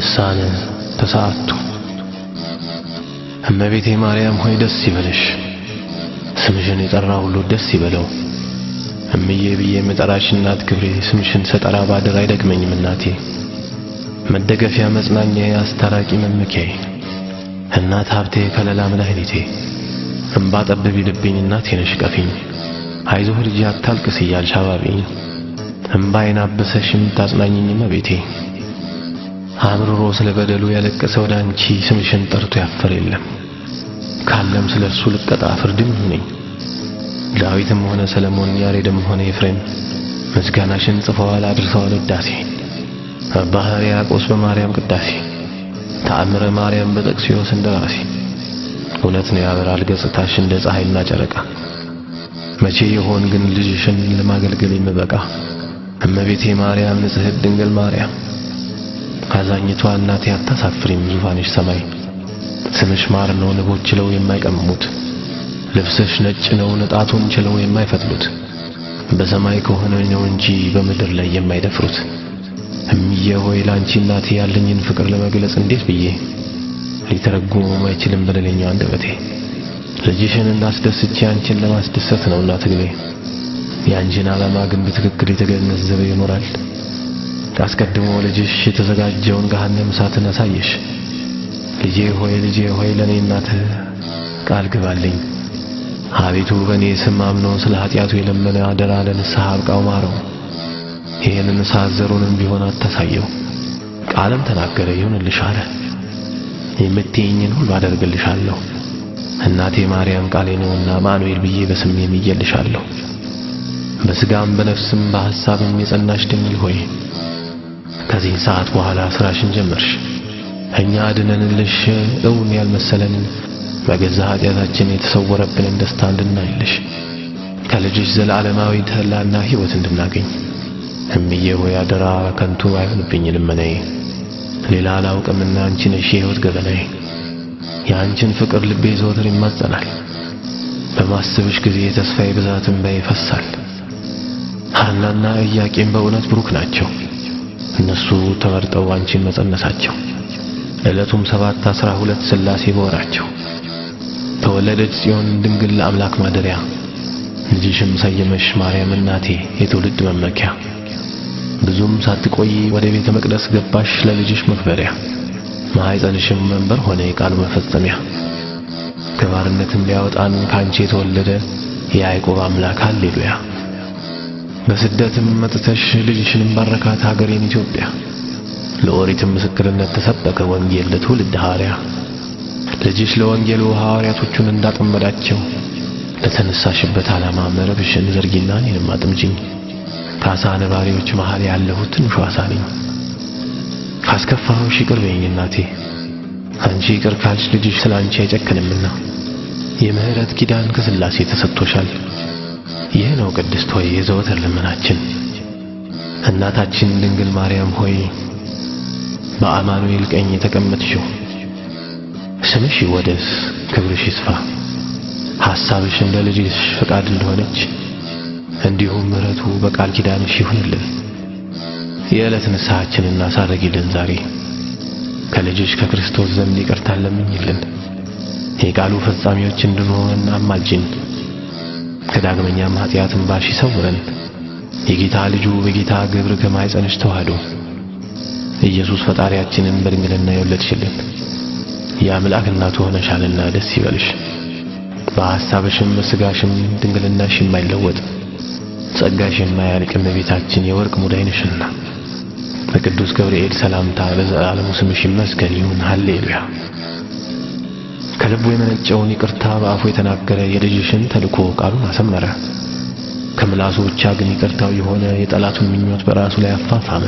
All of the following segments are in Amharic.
ልሳን ተሰዓቱ። እመቤቴ ማርያም ሆይ ደስ ይበልሽ፣ ስምሽን የጠራ ሁሉ ደስ ይበለው። እምዬ ብዬ መጠራሽ እናት ክብሬ፣ ስምሽን ሰጠራ ባድር አይደግመኝም እናቴ። መደገፊያ መጽናኛ አስታራቂ መመኪያዬ፣ እናት ሀብቴ፣ ከለላ መድኃኒቴ፣ እምባ ጠብ ቢልብኝ እናቴ ነሽ ቀፊኝ። አይዞህ ልጅ አታልቅስ እያልሽ አባቢኝ፣ እምባ የናበሰሽ የምታጽናኝኝ እመቤቴ አምርሮ ስለ በደሉ ያለቀሰ ወደ አንቺ ስምሽን ጠርቶ ያፈር የለም። ካለም ስለ እርሱ ልቀጣ ፍርድም ነኝ። ዳዊትም ሆነ ሰለሞን ያሬድም ሆነ ኤፍሬም ምስጋናሽን ጽፈዋል፣ አድርሰዋል ውዳሴ አባ ሕርያቆስ በማርያም ቅዳሴ ተአምረ ማርያም በጠቅስዮስ እንደራሴ እውነት ነው ያበራል ገጽታሽ እንደ ፀሐይና ጨረቃ። መቼ የሆን ግን ልጅሽን ለማገልገል የምበቃ እመቤቴ ማርያም ንጽሕት ድንግል ማርያም አዛኝቷ እናቴ አታሳፍሪም ዙፋንሽ ሰማይ ስምሽ ማር ነው ንቦች ችለው የማይቀምሙት ልብስሽ ነጭ ነው ንጣቱን ችለው የማይፈትሉት በሰማይ ከሆነ ነው እንጂ በምድር ላይ የማይደፍሩት እምዬ ሆይ ላንቺ እናቴ ያለኝን ፍቅር ለመግለጽ እንዴት ብዬ ሊተረጉመው አይችልም በደለኛው አንደበቴ ልጅሽን እናስደስቼ አንቺን ለማስደሰት ነው እናትግቤ የአንቺን ዓላማ ግን በትክክል የተገነዘበ ይኖራል አስቀድሞ ልጅሽ የተዘጋጀውን ገሃነም እሳትን አሳየሽ። ልጄ ሆይ ልጄ ሆይ ለእኔ እናት ቃል ግባልኝ። አቤቱ በእኔ ስም አምኖ ስለ ኃጢአቱ የለመነ አደራ ለንስሐ አብቃው ማረው። ይህንን እሳት ዘሩንም ቢሆን አታሳየው። ቃልም ተናገረ ይሁንልሽ አለ። የምትይኝን ሁሉ አደርግልሻለሁ እናቴ ማርያም ቃሌ ነውና ማኑኤል ብዬ በስሜ ምዬልሻለሁ። በስጋም በነፍስም በሐሳብም የጸናሽ ድንግል ሆይ ከዚህን ሰዓት በኋላ ስራሽን ጀመርሽ። እኛ አድነንልሽ እውን ያልመሰለን በገዛ ኃጢአታችን የተሰወረብንን ደስታ እንድናይልሽ ከልጅሽ ዘላለማዊ ተላና ሕይወት እንድናገኝ እምዬ ሆይ አደራ ከንቱ አይሆንብኝ ልመናዬ። ሌላ አላውቅምና አንቺ ነሽ የሕይወት ገበናዬ። የአንቺን ፍቅር ልቤ ዘወትር ይማጸናል። በማስብሽ ጊዜ የተስፋዬ ብዛትን እንባ ይፈሳል። ሐናና እያቄም በእውነት ብሩክ ናቸው። እነሱ ተመርጠው አንቺን መጸነሳቸው። ዕለቱም ሰባት አስራ ሁለት ሥላሴ በወራቸው ተወለደች ጽዮን ድንግል ለአምላክ ማደሪያ። ልጅሽም ሰየመሽ ማርያም እናቴ የትውልድ መመኪያ። ብዙም ሳትቆይ ወደ ቤተ መቅደስ ገባሽ ለልጅሽ መክበሪያ። ማኅፀንሽም መንበር ሆነ የቃሉ መፈጸሚያ። ከባርነትም ሊያወጣን ካንቺ የተወለደ የያዕቆብ አምላክ ሃሌሉያ በስደትም መጥተሽ ልጅሽን ባረካት ሀገሬን ኢትዮጵያ። ለኦሪትም ምስክርነት ተሰበከ ወንጌል ለትውልድ ሐዋርያ። ልጅሽ ለወንጌሉ ሐዋርያቶቹን እንዳጠመዳቸው ለተነሳሽበት ዓላማ መረብሽን ዘርጊና እኔንም አጥምጂኝ። ከአሳ ነባሪዎች መሃል ያለሁት ትንሿ አሳ ነኝ። ካስከፋሁሽ ይቅር በይኝ እናቴ። አንቺ ይቅር ካልሽ ልጅሽ ስለ አንቺ አይጨክንምና የምህረት ኪዳን ከስላሴ ተሰጥቶሻል። ይህ ነው ቅድስት ሆይ የዘወትር ልመናችን። እናታችን ድንግል ማርያም ሆይ በአማኑኤል ቀኝ የተቀመጥሽው ስምሽ ይወደስ፣ ክብርሽ ይስፋ፣ ሐሳብሽ እንደ ልጅሽ ፈቃድ እንደሆነች እንዲሁም ምሕረቱ በቃል ኪዳንሽ ይሁንልን። የዕለት ንስሐችንን እናሳረጊልን። ዛሬ ከልጅሽ ከክርስቶስ ዘንድ ይቅርታን ለምኝልን። የቃሉ ፈጻሚዎች እንድንሆን አማልጅን። ከዳግመኛም ኃጢአትን ባሽ ይሰውረን። የጌታ ልጁ በጌታ ግብር ከማይጸንሽ ተዋህዶ ኢየሱስ ፈጣሪያችንን በድንግልና የወለድሽልን የአምላክ እናቱ ሆነሻልና ደስ ይበልሽ። በሐሳብሽም በሥጋሽም ድንግልናሽ የማይለወጥ ጸጋሽ የማያልቅ እመቤታችን የወርቅ ሙዳይ ነሽና በቅዱስ ገብርኤል ሰላምታ ለዘላለሙ ስምሽ ይመስገን ይሁን። ሃሌሉያ ከልቡ የመነጨውን ይቅርታ በአፉ የተናገረ የልጅሽን ተልኮ ቃሉን አሰመረ። ከምላሱ ብቻ ግን ይቅርታው የሆነ የጠላቱን ምኞት በራሱ ላይ አፋፋመ።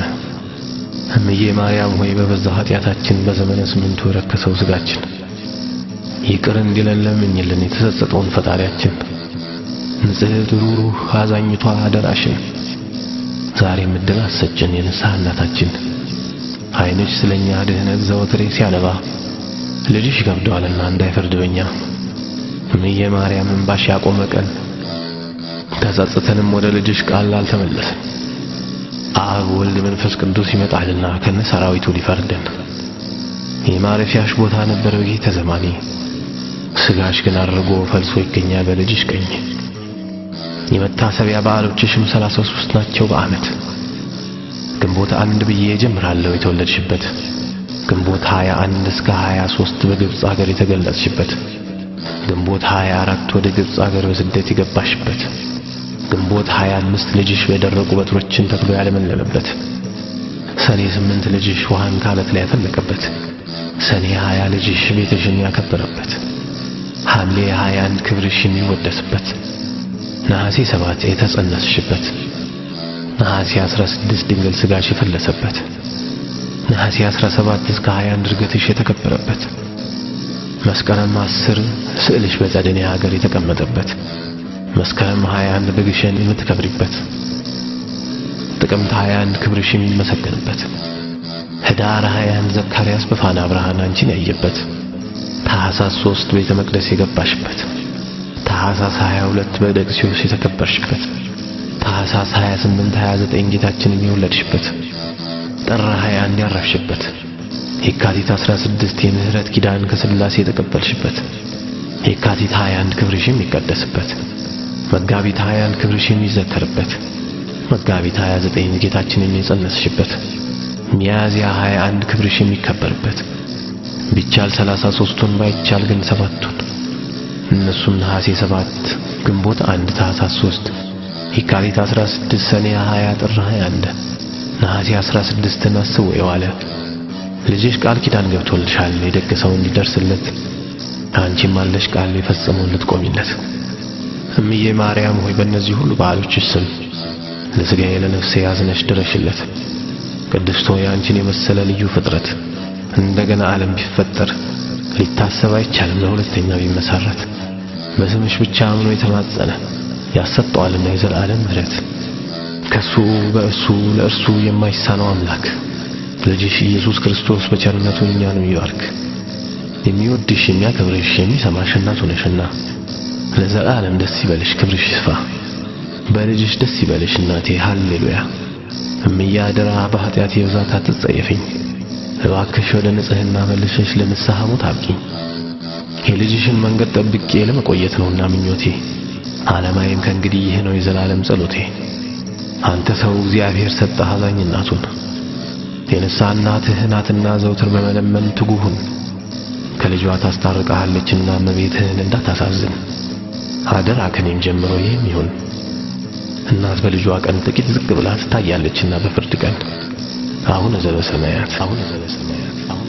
እምዬ ማርያም ሆይ በበዛ ኃጢአታችን በዘመነ ስምንቱ የረከሰው ስጋችን። ይቅር እንዲለን ለምኝልን የተሰጸጠውን ፈጣሪያችን። ንጽሕት ሩሩህ አዛኝቷ ደራሽን ዛሬ ዕድል አሰጭን የንስሐ እናታችን አይንሽ ስለኛ ድህነት ዘወትሬ ሲያነባ ልጅሽ ገብደዋልና እንዳይፈርድ በኛ ምየ ማርያም እንባሽ ያቆመ ቀን ተጸጽተንም ወደ ልጅሽ ቃል አልተመለስን። አብ ወልድ መንፈስ ቅዱስ ይመጣልና ከነ ሰራዊቱ ሊፈርደን የማረፊያሽ ቦታ ነበር በጌተ ዘማኔ ስጋሽ ግን አድርጎ ፈልሶ ይገኛል በልጅሽ ቀኝ። የመታሰቢያ በዓሎችሽም ሰላሳ ሦስት ናቸው በዓመት ግንቦት አንድ ብዬ ጀምራለሁ የተወለድሽበት ግንቦት 21 እስከ 23 በግብፅ አገር የተገለጽሽበት፣ ግንቦት 24 ወደ ግብፅ አገር በስደት የገባሽበት፣ ግንቦት 25 ልጅሽ በደረቁ በትሮችን ተክሎ ያለመለመበት፣ ሰኔ 8 ልጅሽ ውሃን ካለት ላይ ያፈለቀበት፣ ሰኔ 20 ልጅሽ ቤትሽን ያከበረበት፣ ሐምሌ 21 ክብርሽን የሚወደስበት፣ ነሐሴ 7 የተጸነስሽበት፣ ነሐሴ 16 ድንግል ሥጋሽ የፈለሰበት ነሐሴ 17 እስከ 21 ዕርገትሽ የተከበረበት መስከረም 10 ስዕልሽ በጸደኔ ሀገር የተቀመጠበት መስከረም 21 በግሸን የምትከብሪበት ጥቅምት 21 ክብርሽ የሚመሰገንበት ህዳር 21 ዘካርያስ በፋና ብርሃን አንቺን ያየበት ታኅሳስ 3 ቤተ መቅደስ የገባሽበት ታኅሳስ 22 በደቅሲዮስ የተከበርሽበት ታኅሳስ 28 29 ጌታችንን የወለድሽበት ጥር 21 ያረፍሽበት፣ የካቲት 16 የምህረት ኪዳን ከስላሴ የተቀበልሽበት፣ የካቲት 21 ክብርሽ የሚቀደስበት፣ መጋቢት 21 ክብርሽ የሚዘከርበት፣ መጋቢት 29 ጌታችን የሚጸነስሽበት፣ ሚያዝያ 21 ክብርሽ የሚከበርበት ቢቻል 33ቱን ባይቻል ግን ሰባቱን እነሱም ነሐሴ 7 ግንቦት 1 ታህሳስ 3 የካቲት 16 ሰኔ 20 ጥር 21 ነሐሴ 16 ስድስትን አስቦ የዋለ ልጅሽ ቃል ኪዳን ገብቶልሻል የደገሰው እንዲደርስለት አንቺም አለሽ ቃል የፈጸመውን ልትቆሚለት። እምዬ ማርያም ሆይ በእነዚህ ሁሉ በዓሎችሽ ስም ለሥጋዬ ለነፍሴ ያዝነሽ ድረሽለት። ቅድስቶ የአንቺን የመሰለ ልዩ ፍጥረት እንደገና ዓለም ቢፈጠር ሊታሰብ አይቻልም ለሁለተኛ ቢመሠረት። በስምሽ ብቻ አምኖ የተማጸነ ያሰጠዋልና የዘላለም ምሕረት ከሱ በእሱ ለእርሱ የማይሳነው አምላክ ልጅሽ ኢየሱስ ክርስቶስ በቸርነቱ ነው ይባርክ። የሚወድሽ የሚያከብርሽ የሚሰማሽ እናቱ ነሽና ለዘላለም ደስ ይበልሽ፣ ክብርሽ ይስፋ፣ በልጅሽ ደስ ይበልሽ እናቴ። ሃሌሉያ እምያድራ በኃጢአቴ ብዛት አትጸየፊኝ፣ እባክሽ ወደ ንጽህና መልሰሽ ለንስሐ ሞት አብቂኝ። የልጅሽን መንገድ ጠብቄ ለመቆየት ነውና ምኞቴ፣ ዓለማዬም ከእንግዲህ ይህ ነው የዘላለም ጸሎቴ። አንተ ሰው እግዚአብሔር ሰጠህ አዛኝ እናቱን የንስሐ እናትህ ናትና ዘውትር በመለመን ትጉሁን ከልጇ ታስታርቀሃለችና እመቤትህን እንዳታሳዝን አደራ ከኔም ጀምሮ ይህም ይሁን። እናት በልጇ ቀን ጥቂት ዝቅ ብላ ትታያለችና በፍርድ ቀን አቡነ ዘበሰማያት